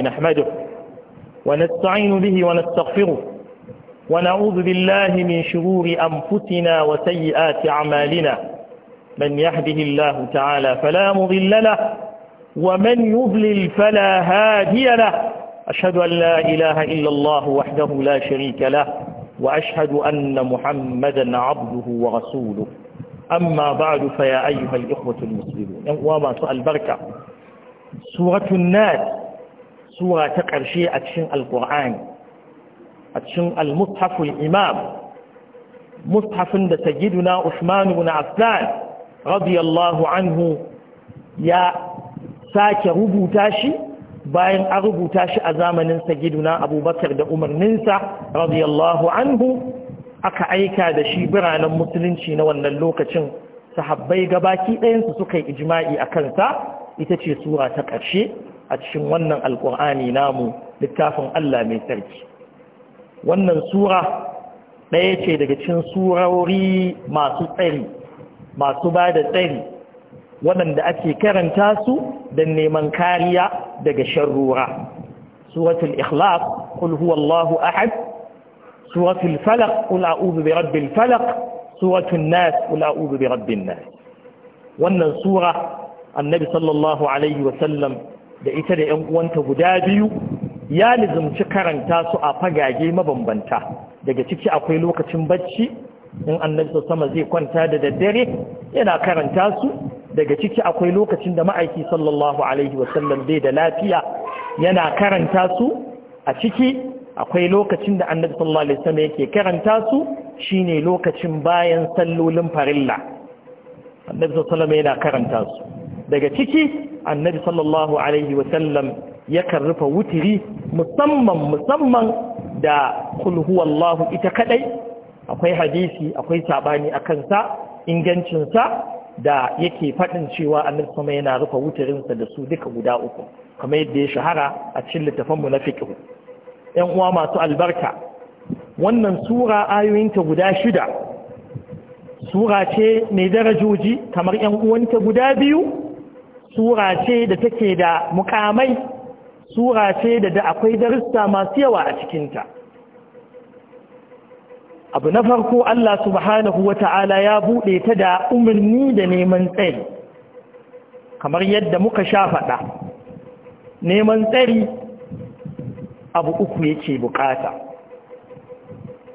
نحمده ونستعين به ونستغفره ونعوذ بالله من شرور أنفسنا وسيئات أعمالنا من يهده الله تعالى فلا مضل له ومن يضلل فلا هادي له أشهد أن لا إله إلا الله وحده لا شريك له وأشهد أن محمدا عبده ورسوله أما بعد فيا أيها الإخوة المسلمون وما سؤال بركة سورة الناس sura ta ƙarshe a cikin alƙur'ani a cikin al imam mustafin da na Usmanu na afghan radiyallahu anhu ya sake rubuta shi bayan an rubuta shi a zamanin na Abubakar da umarninsa radiyallahu anhu aka aika da shi biranen musulunci na wannan lokacin sahabbai gabaki ɗayansu suka yi ijima'i a kansa ita ce sura ta ƙarshe a cikin wannan alƙur'ani namu littafin Allah mai tsarki wannan sura ɗaya ce daga cikin surori masu tsari masu ba da tsari waɗanda ake karanta su don neman kariya daga sharrura suratul ikhlas qul huwallahu ahad suratul falaq qul a'udhu birabbil falaq suratul nas qul a'udhu birabbin nas wannan sura annabi sallallahu alaihi wasallam da ita da 'yan uwanta guda biyu ya lizumci karanta su a fagage mabambanta daga ciki akwai lokacin bacci in annabi sama zai kwanta da daddare yana karanta su daga ciki akwai lokacin da ma'aiki sallallahu alaihi wasallam zai da lafiya yana karanta su a ciki akwai lokacin da annabi sallallahu alaihi wasallam yake karanta su shine lokacin bayan sallolin farilla annabi sallallahu alaihi wasallam yana karanta su daga ciki annabi sallallahu alaihi wasallam yakan rufe wuturi musamman musamman da kulhuwallahu ita kadai akwai hadisi akwai sabani a kansa ingancinsa da yake faɗin cewa annabi sama yana rufe wuturinsa da su duka guda uku kamar yadda ya shahara a cikin mu na fiqh ‘yan uwa masu albarka wannan sura ayoyinta guda shida sura ce mai darajoji kamar ‘yan uwanta guda biyu sura ce da take da mukamai sura ce da da akwai darussa masu yawa a cikinta abu na farko Allah subhanahu wa ya buɗe ta da umarni da neman tsari kamar yadda muka sha faɗa neman tsari abu uku yake bukata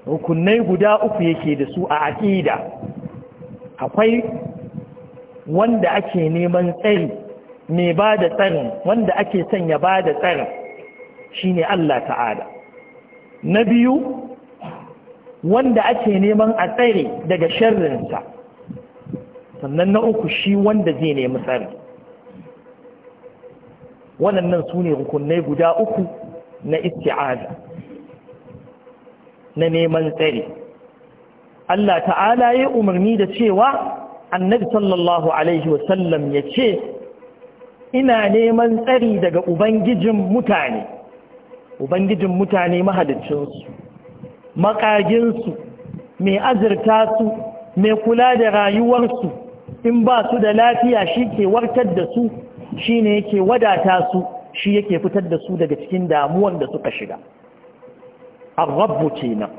rukunai guda uku yake da su a aƙida akwai wanda ake neman tsari mai ba da tsarin wanda ake son ya ba da tsarin shi ne Allah ta'ala na biyu wanda ake neman a tsare daga sharrinsa sannan na uku shi wanda zai nemi tsari waɗannan su ne rukunai guda uku na isti'ada na neman tsari Allah ta'ala ya umarni da cewa annabi sallallahu alaihi wasallam ya ce ina neman tsari daga ubangijin mutane ubangijin mutane mahalicinsu makaginsu mai azurta su mai kula da rayuwarsu in ba su da lafiya shi ke wartar da su shi ne yake wadata su shi yake fitar da su daga cikin damuwan da suka shiga arrabu kenan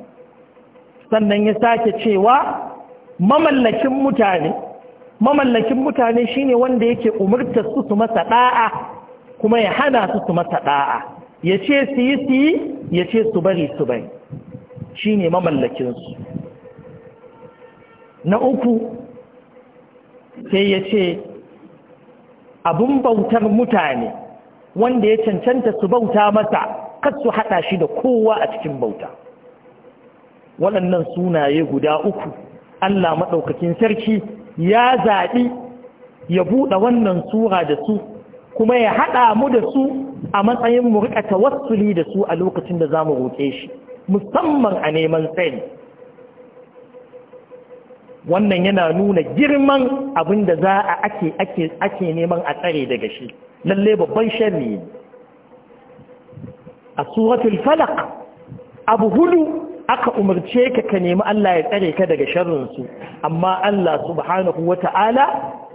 sannan ya sake cewa mamallakin mutane mamallakin mutane shine wanda yake umarta su su masa ɗa'a, kuma ya hana su su masa ɗa'a. ya ce su yi su yi ya ce su bari su bari shine mamallakin su na uku sai ya ce abin bautar mutane wanda ya cancanta su bauta masa kar su haɗa shi da kowa a cikin bauta waɗannan sunaye guda uku Allah maɗaukakin sarki ya zaɓi ya buɗe wannan sura da su kuma ya haɗa mu da su a matsayin mu riƙa tawassuli da su a lokacin da za mu roƙe shi musamman a neman tsayi wannan yana nuna girman abin da za a ake neman a tsare daga shi lalle babban shari'i a suratul falak abu hudu aka umarce ka ka nemi Allah ya tsare ka daga sharrinsu amma Allah subhanahu wa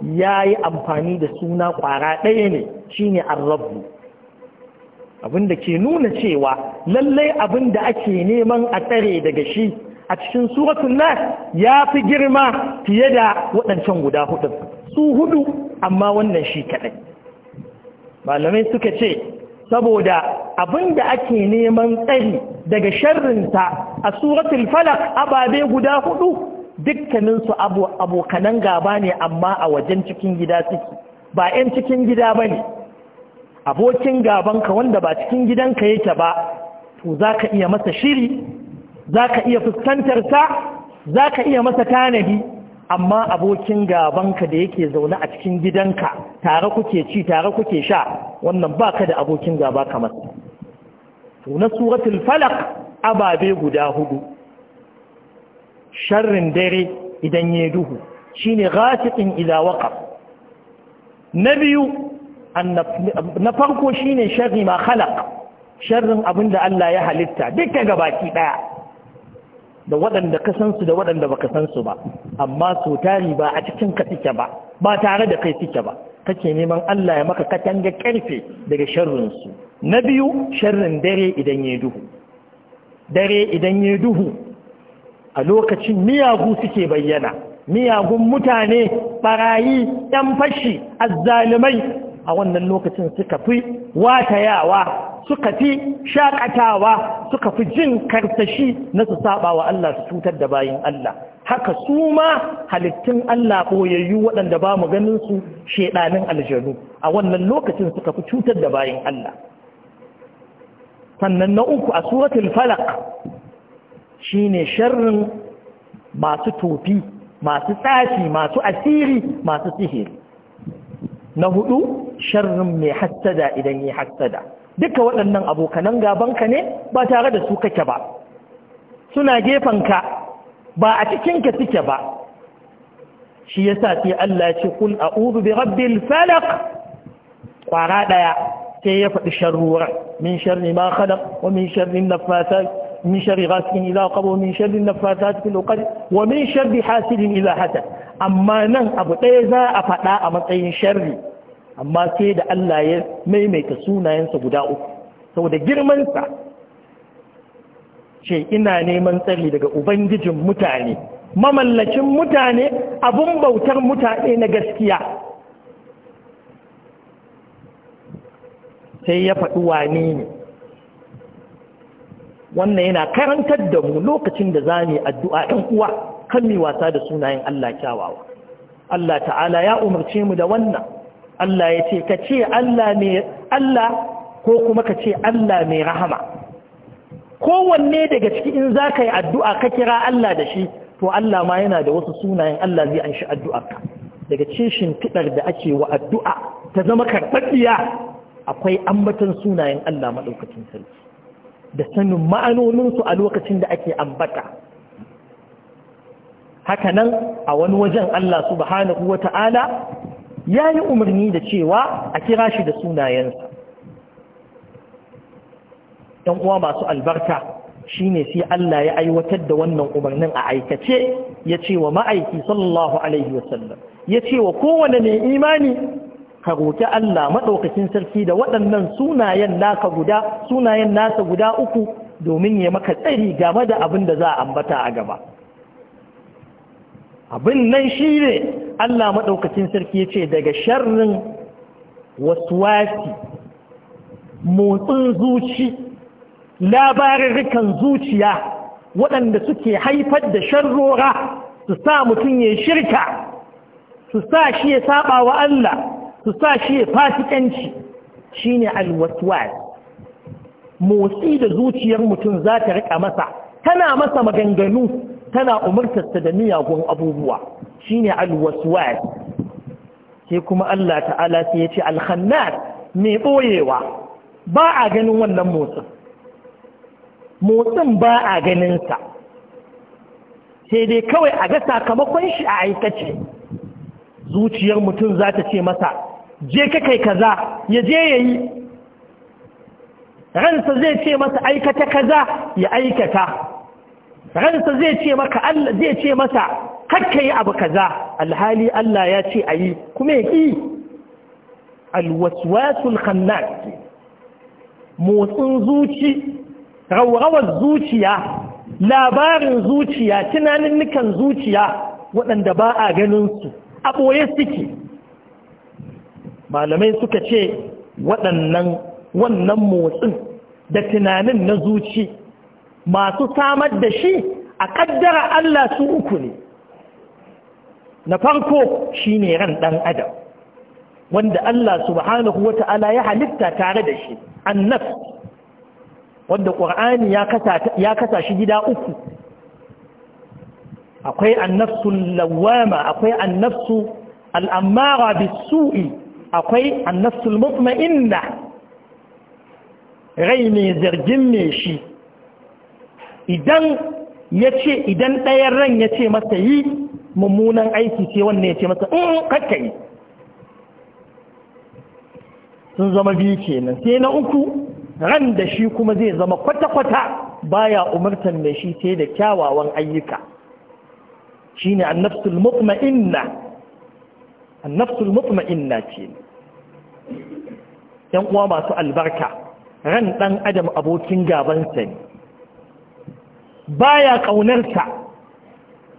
ya yi amfani da suna ƙwara ɗaya ne shi ne arrabu abinda ke nuna cewa lallai abinda ake neman a tsare daga shi a cikin suratun nas ya fi girma fiye da waɗancan guda hudu su hudu amma wannan shi kaɗai malamai suka ce saboda da ake neman tsari daga sharrinta a suratul falak ababe guda hudu dukkaninsu abokanan gaba ne amma a wajen cikin gida suke ba 'yan cikin gida ba ne abokin gabanka wanda ba cikin gidanka yake ba to za ka iya masa shiri zaka iya fuskantar za zaka iya masa tanadi amma abokin gabanka da yake zaune a cikin gidanka tare kuke ci tare kuke sha wannan baka da abokin gaba kamar to na suratul falaq ababe guda hudu sharrin dare idan ya duhu shine ghasiqin idza waqa na biyu na farko shine sharri ma khalaq sharrin abinda Allah ya halitta duka gabaki daya da waɗanda ka san su da waɗanda baka san su ba amma so tari ba a cikin ka tike ba ba tare da kai tike ba kake neman Allah ya maka katanga karfe daga sharrin su na biyu sharrin dare idan ya duhu dare idan ya duhu a lokacin miyagu suke bayyana miyagun mutane barayi ɗan fashi azzalumai a wannan lokacin suka fi watayawa suka fi shakatawa suka fi jin karsashi na su saba wa Allah su cutar da bayin Allah haka su ma halittun Allah ɓoyayyu waɗanda ba mu ganin su shaidanin aljanu a wannan lokacin suka fi cutar da bayin Allah sannan na uku a suratul falak shine sharrin masu tofi masu tsafi masu asiri masu sihiri na hudu sharrin mai hassada idan yi hassada duka waɗannan abokanan gabanka ne ba tare da su kake ba suna ka ba a cikin ka suke ba shi yasa sai Allah ya ce kul a'udhu bi rabbil falaq kwara daya sai ya faɗi sharruwar min sharri ma khalaq wa min sharri nafasat min sharri ghasikin idza qaba min sharri nafasat fil uqad wa min sharri hasidin idza hasad amma nan abu ɗaya za a faɗa a matsayin sharri amma sai da Allah ya maimaita sunayensa guda uku saboda girman sa ce ina neman tsari daga ubangijin mutane mamallacin mutane abun bautar mutane na gaskiya sai ya faɗi wane ne wannan yana karantar da mu lokacin da za mu addu'a ɗan uwa kan mi wasa da sunayen Allah kyawawa Allah ta'ala ya umarce mu da wannan Allah ya ce ka ce Allah mai Allah ko kuma ka ce Allah mai rahama kowanne daga ciki in za ka yi addu'a ka kira Allah da shi to Allah ma yana da wasu sunayen Allah zai an shi ka. daga ce shimfiɗar da ake wa addu'a ta zama karɓaɗɗiya akwai ambatan sunayen Allah maɗaukacin sarki da sanin ma'anoninsu a lokacin da ake ambata haka nan a wani wajen Allah subhanahu wa ta'ala ya yi umarni da cewa a kira shi da sunayensa ‘yan uwa masu albarka shi ne sai Allah ya aiwatar da wannan umarnin a aikace ya ce wa ma'aiki sallallahu alaihi wasallam ya ce wa kowane mai imani ka roƙi Allah maɗaukacin sarki da waɗannan sunayen naka guda sunayen nasa guda uku domin ya maka tsari game da abin da za a ambata a gaba abin nan shi ne Allah maɗaukacin sarki ya ce daga sharrin wasuwasi motsin zuci labarurrukan zuciya waɗanda suke haifar da sharrora su sa mutum ya shirka su sa shi ya saba wa Allah su sa shi ya fasikanci shine alwaswas motsi da zuciyar mutum za ta rika masa tana masa maganganu tana umartarsa da miyagun abubuwa shine alwaswas sai kuma Allah ta'ala sai ya ce alhannar mai ɓoyewa ba a ganin wannan motsin motsin ba a ganinsa sai dai kawai a ga sakamakon shi a aikace zuciyar mutum za ta ce masa je ka kai kaza ya je ya yi ransa zai ce masa aikata kaza ya aikata ransa zai ce maka Allah zai ce masa kakka yi abu kaza alhali Allah ya ce ayi kuma ya alwaswasul khannas motsin zuci rawrawar zuciya labarin zuciya tunanin nukan zuciya waɗanda ba a ganin su a ɓoye suke malamai suka ce waɗannan wannan motsin da tunanin na zuci masu samar da shi a ƙaddara Allah su uku ne na farko shi ne ran ɗan adam wanda Allah subhanahu wa ta'ala ya halitta tare da shi annaf wanda ƙwar'ani ya kasa shi gida uku akwai annafsu lawama akwai annafsu al'ammara bisu'i akwai annasul mutma'inna rai mai zargin mai shi idan ya ce idan ɗayan ran ya ce masa yi mummunan aiki ce wannan ya ce masa in mm, mm, kakka yi sun zama biyu kenan sai na uku ran da shi kuma zai zama kwata-kwata baya umartan mai shi sai da kyawawan ayyuka shine annafsul mutma'inna annafsul mutma'inna ce ‘yan uwa masu albarka ran ɗan adam abokin gabansa ne baya ƙaunarsa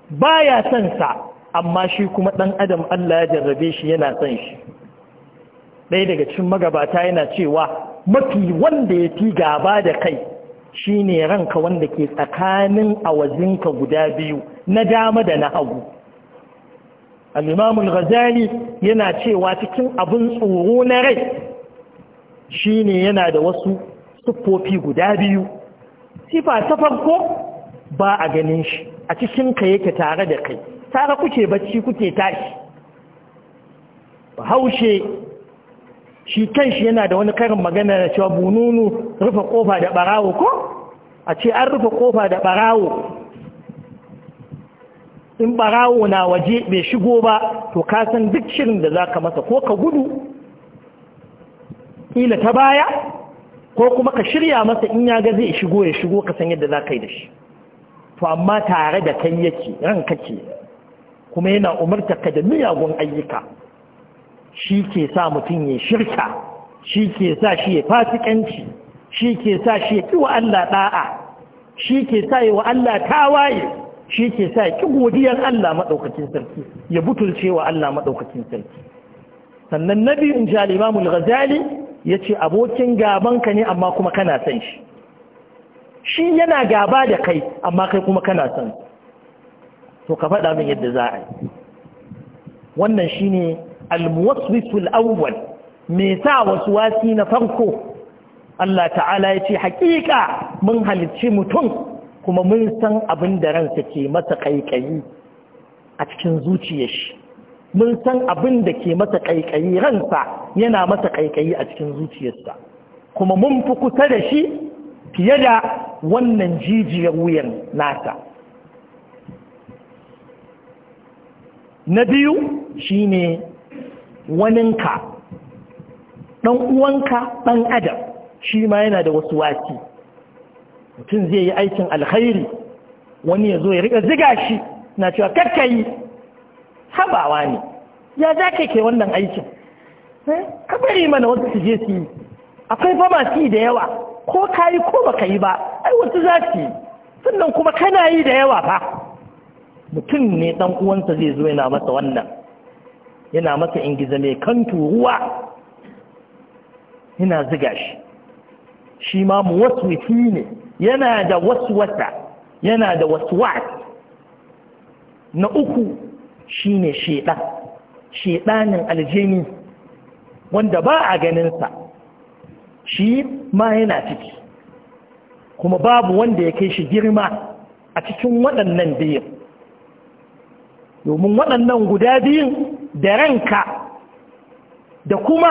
baya son sa amma shi kuma ɗan adam Allah ya jarrabe shi yana son shi ɗaya daga cikin magabata yana cewa mafi wanda ya fi gaba da kai shi ne ranka wanda ke tsakanin awazinka guda biyu na dama da na hagu al'imamul ghazali yana cewa cikin abin tsoro na rai Shi ne yana da wasu siffofi guda biyu sifa ta farko ba a ganin shi a cikin ka yake tare da kai tare kuke bacci kuke tashi haushe shi kanshi yana da wani karin magana da cewa bununu rufe kofa da barawo ko a ce an rufe kofa da barawo in barawo na waje bai shigo ba to kasan duk shirin da za ka masa ko ka gudu kila ta baya ko kuma ka shirya masa in ya ga zai shigo ya shigo ka san yadda za ka yi da shi to amma tare da kai yake ran ke kuma yana umarta ka da miyagun ayyuka shi ke sa mutum ya shirka shi ke sa shi ya fasikanci shi ke sa shi ya ƙi wa Allah ɗa'a shi ke sa ya wa Allah tawaye shi ke sa ya godiyar Allah maɗaukacin sarki ya butulce wa Allah maɗaukakin sarki sannan na biyun in ji al'imamul ghazali ya ce abokin ka ne amma kuma kana san shi shi yana gaba da kai amma kai kuma kana san to ka faɗa min yadda za a yi wannan shi ne almuwaswisul awwal me sa wasu wasi na farko Allah ta'ala ya ce haƙiƙa mun halicci mutum kuma mun san abin da ransa ke masa ƙaiƙayi a cikin zuciyar shi mun san abin da ke masa ƙaiƙayi ransa yana masa ƙaiƙayi a cikin zuciyarsa kuma mun fi kusa da shi fiye da wannan jijiyar wuyan nasa na biyu shi ne waninka ɗan uwanka ɗan adam shi ma yana da wasu wasi mutum zai yi aikin alkhairi wani ya zo ya riƙa ziga shi na cewa kakkayi habawa ne ya za ka ke wannan aikin eh, ka bari mana wata su je su yi akwai ba masu yi da yawa ko ka yi ko baka yi ba ai wasu za su yi sannan kuma kana yi da yawa fa mutum ne dan uwansa zai zo yana masa wannan yana masa ingiza mai kan turuwa yana ziga shi shi ma mu wasu ne yana da wasu wata yana da wasu na uku Shi ne shedan shedanin aljini wanda ba a ganinsa shi ma yana ciki kuma babu wanda ya kai shi girma a cikin waɗannan biyun domin waɗannan guda biyun da ranka da kuma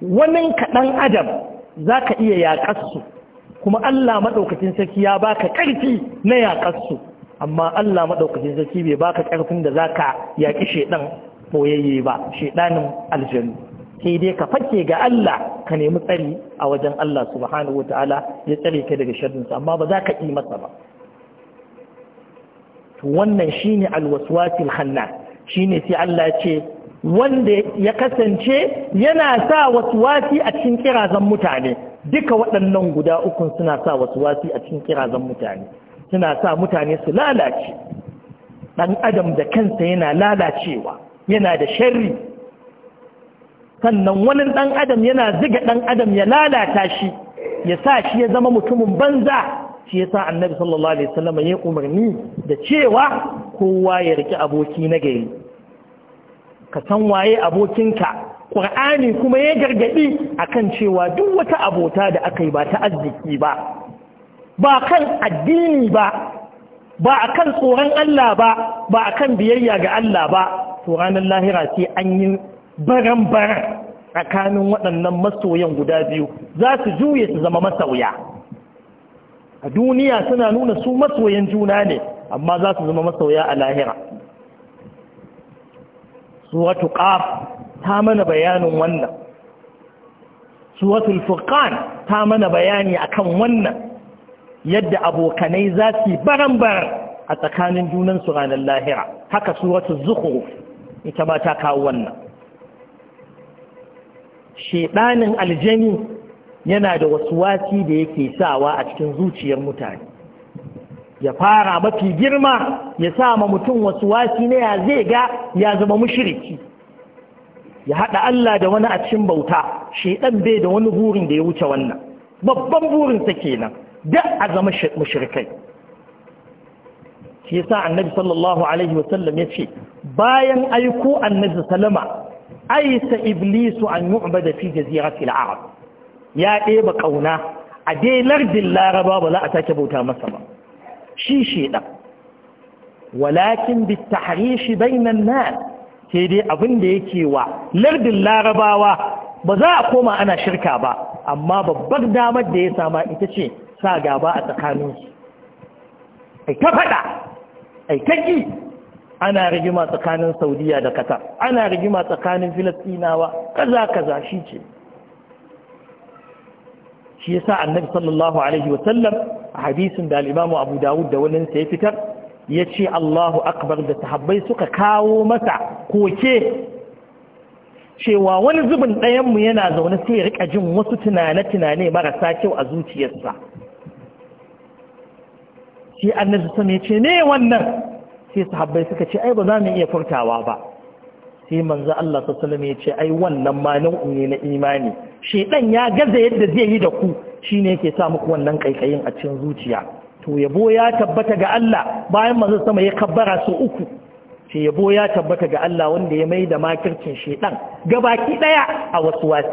wani kaɗan adam za ka iya yaƙarsu kuma Allah maɗaukacin sarki ya baka ƙarfi na yaƙarsu amma Allah maɗaukacin sarki bai baka ƙarfin da za ka yaƙi shaiɗan koyayye ba shaiɗanin aljanu sai dai ka fake ga Allah ka nemi tsari a wajen Allah subhanahu ta'ala ya tsare ka daga sharrinsa amma ba za ka yi masa ba wannan shine alwaswasil Shi ne sai Allah ce wanda ya kasance yana sa waswasi a cikin kirazan mutane duka waɗannan guda ukun suna sa waswasi a cikin kirazan mutane suna sa mutane su lalace ɗan adam da kansa yana lalacewa yana da sharri sannan wani ɗan adam yana ziga ɗan adam ya lalata shi ya sa shi ya zama mutumin banza shi ya sa annabi sallallahu alaihi wasallam ya umarni da cewa kowa ya riƙi aboki na gari ka san waye abokinka ƙur'ani kuma ya gargaɗi akan cewa duk wata abota da aka yi ba ta arziki ba ba kan addini ba ba a kan tsoron Allah ba ba a kan biyayya ga Allah ba to ranar lahira sai an yi baran-baran tsakanin waɗannan masoyan guda biyu za su juye su zama masauya. a duniya suna nuna su masoyan juna ne amma za su zama masauya a lahira suratu qaf ta mana bayanin wannan suratul furkan ta mana bayani akan wannan yadda abokanai za su baran-baran a tsakanin junansu ranar lahira haka su wata zuhru ita ma ta kawo wannan shedanin aljani yana da wasu wasi da yake sawa a cikin zuciyar mutane ya fara mafi girma ya sa ma mutum wasu wasi na ya zai ga ya zama mushiriki ya haɗa Allah da wani a cikin bauta shedan bai da wani burin da ya wuce wannan babban burinsa kenan duk a zama mushrikai shi yasa annabi sallallahu alaihi wasallam ya ce bayan aiko annabi salama aisa iblisu an yi ubada fi jaziratil arab ya ɗeba kauna a dai lardin laraba ba za a sake bauta masa ba shi shedan walakin bitahrishi bainan nas sai dai abin da yake wa lardin larabawa ba za a koma ana shirka ba amma babbar damar da ya sama ita ce sa gaba a tsakaninsu ai ta faɗa ai ta ƙi ana rigima tsakanin saudiya da qatar ana rigima tsakanin filistinawa kaza kaza shi ce shi yasa annabi sallallahu alaihi wasallam a hadisin da al abu dawud da wani ya fitar ya ce allahu akbar da sahabbai suka kawo masa koke cewa wani zubin ɗayanmu yana zaune sai ya rika jin wasu tunane-tunane marasa kyau a zuciyarsa Shi annabi sun ya ce ne wannan sai sahabbai suka ce ai ba za mu iya furtawa ba sai manzo Allah sallallahu ya ce ai wannan ma nau'i ne na imani dan ya gaza yadda zai yi da ku shine yake sa muku wannan kaikayin a cikin zuciya to yabo ya tabbata ga Allah bayan manzo sama ya kabbara su uku ce yabo ya tabbata ga Allah wanda ya mai da makircin shedan gabaki daya a wasu wasi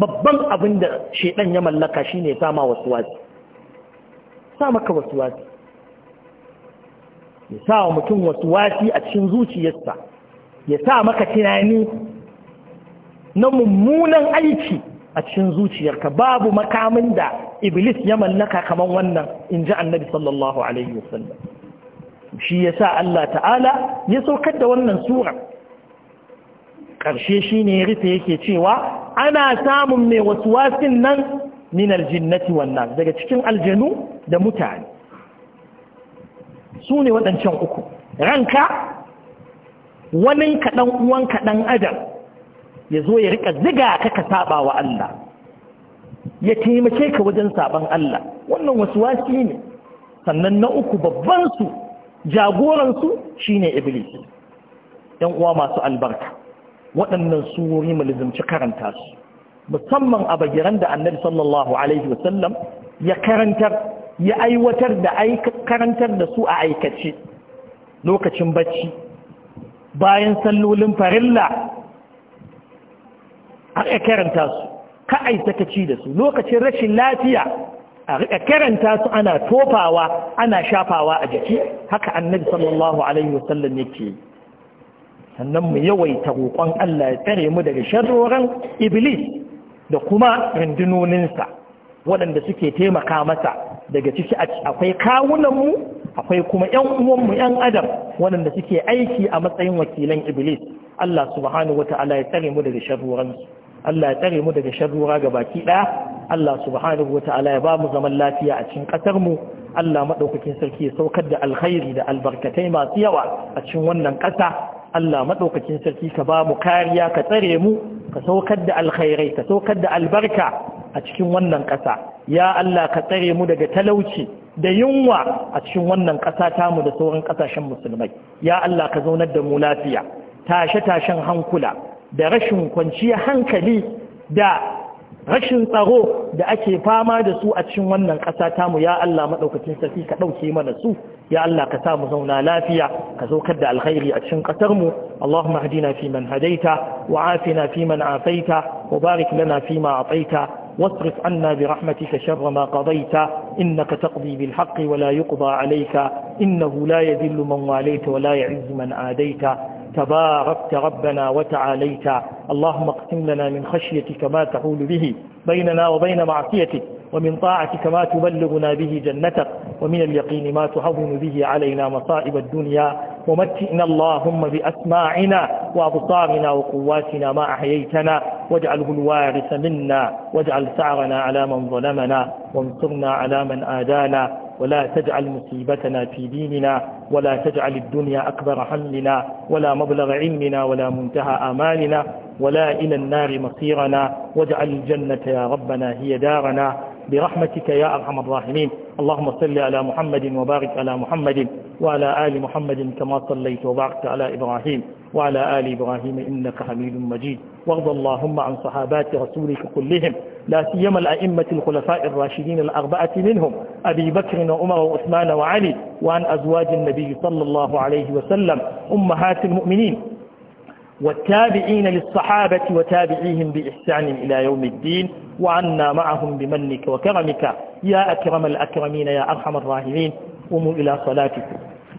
babban abin da shedan ya mallaka shine sama wasu wasi sa maka wasu wasi ya sa wa mutum wasu wasi a cikin zuciyarsa ya sa maka tunani na mummunan aiki a cikin zuciyarka babu makamin da iblis ya mallaka kamar wannan in ji annabi sallallahu alaihi wasallam shi ya sa Allah ta'ala ya saukar da wannan sura ƙarshe shi ne ya rufe yake cewa ana samun mai wasu wasin nan min aljinnati wan nas daga cikin aljanu da mutane su ne waɗancan uku ranka wani kaɗan uwan kaɗan adam ya zo ya rika ziga ka ka saba wa Allah ya taimake ka wajen saban Allah wannan wasu wasi ne sannan na uku babban su jagoran su shine iblis yan uwa masu albarka waɗannan su wuri karanta su musamman a bagiran da annabi sallallahu alaihi wasallam ya karantar ya aiwatar da karantar da su a aikace lokacin bacci bayan sallolin farilla a karanta su ka aitakaci da su lokacin rashin lafiya a riƙa karanta su ana tofawa ana shafawa a jiki haka annabi sallallahu alaihi wasallam yake sannan mu yawaita roƙon Allah ya tsare mu daga sharroran iblis da kuma rundunoninsa waɗanda suke taimaka masa daga ciki akwai kawunanmu akwai kuma ‘yan uwanmu ‘yan adam waɗanda suke aiki a matsayin wakilan iblis Allah subhanahu wa ta'ala ya tsare mu daga sharuransu Allah ya tsare mu daga sharura ga baki ɗaya Allah subhanahu wa ta'ala ya ba mu zaman lafiya a cikin ƙasar mu Allah maɗaukakin sarki ya saukar da alkhairi da albarkatai masu yawa a cikin wannan ƙasa Allah maɗaukacin sarki ka ba mu kariya ka tsare mu ka saukar da alkhairai ka saukar da albarka a cikin wannan ƙasa ya Allah ka tsare mu daga talauci da yunwa a cikin wannan ƙasa tamu da sauran ƙasashen musulmai ya Allah ka zaunar da mu lafiya tashe-tashen hankula da rashin kwanciya hankali da rashin tsaro da ake fama da su a cikin wannan ƙasa tamu ya Allah maɗaukacin sarki ka ɗauke mana su يا الله كسام زونا لافيا كسوكر دا الخير أتشن قترمو اللهم اهدنا فيمن هديت وعافنا فيمن عافيت وبارك لنا فيما أعطيت واصرف عنا برحمتك شر ما قضيت إنك تقضي بالحق ولا يقضى عليك إنه لا يذل من واليت ولا يعز من عاديت تباركت ربنا وتعاليت اللهم اقسم لنا من خشيتك ما تحول به بيننا وبين معصيتك ومن طاعتك ما تبلغنا به جنتك ومن اليقين ما تهون به علينا مصائب الدنيا ومتئنا اللهم بأسماعنا وأبصارنا وقواتنا ما أحييتنا واجعله الوارث منا واجعل سعرنا على من ظلمنا وانصرنا على من آدانا ولا تجعل مصيبتنا في ديننا ولا تجعل الدنيا أكبر حملنا ولا مبلغ علمنا ولا منتهى آمالنا ولا إلى النار مصيرنا واجعل الجنة يا ربنا هي دارنا برحمتك يا أرحم الراحمين اللهم صل على محمد وبارك على محمد وعلى آل محمد كما صليت وباركت على إبراهيم وعلى آل إبراهيم إنك حميد مجيد وارض اللهم عن صحابات رسولك كلهم لا سيما الأئمة الخلفاء الراشدين الأربعة منهم أبي بكر وعمر وعثمان وعلي وعن أزواج النبي صلى الله عليه وسلم أمهات المؤمنين والتابعين للصحابة وتابعيهم بإحسان إلى يوم الدين وعنا معهم بمنك وكرمك يا أكرم الأكرمين يا أرحم الراحمين قوموا إلى صلاتكم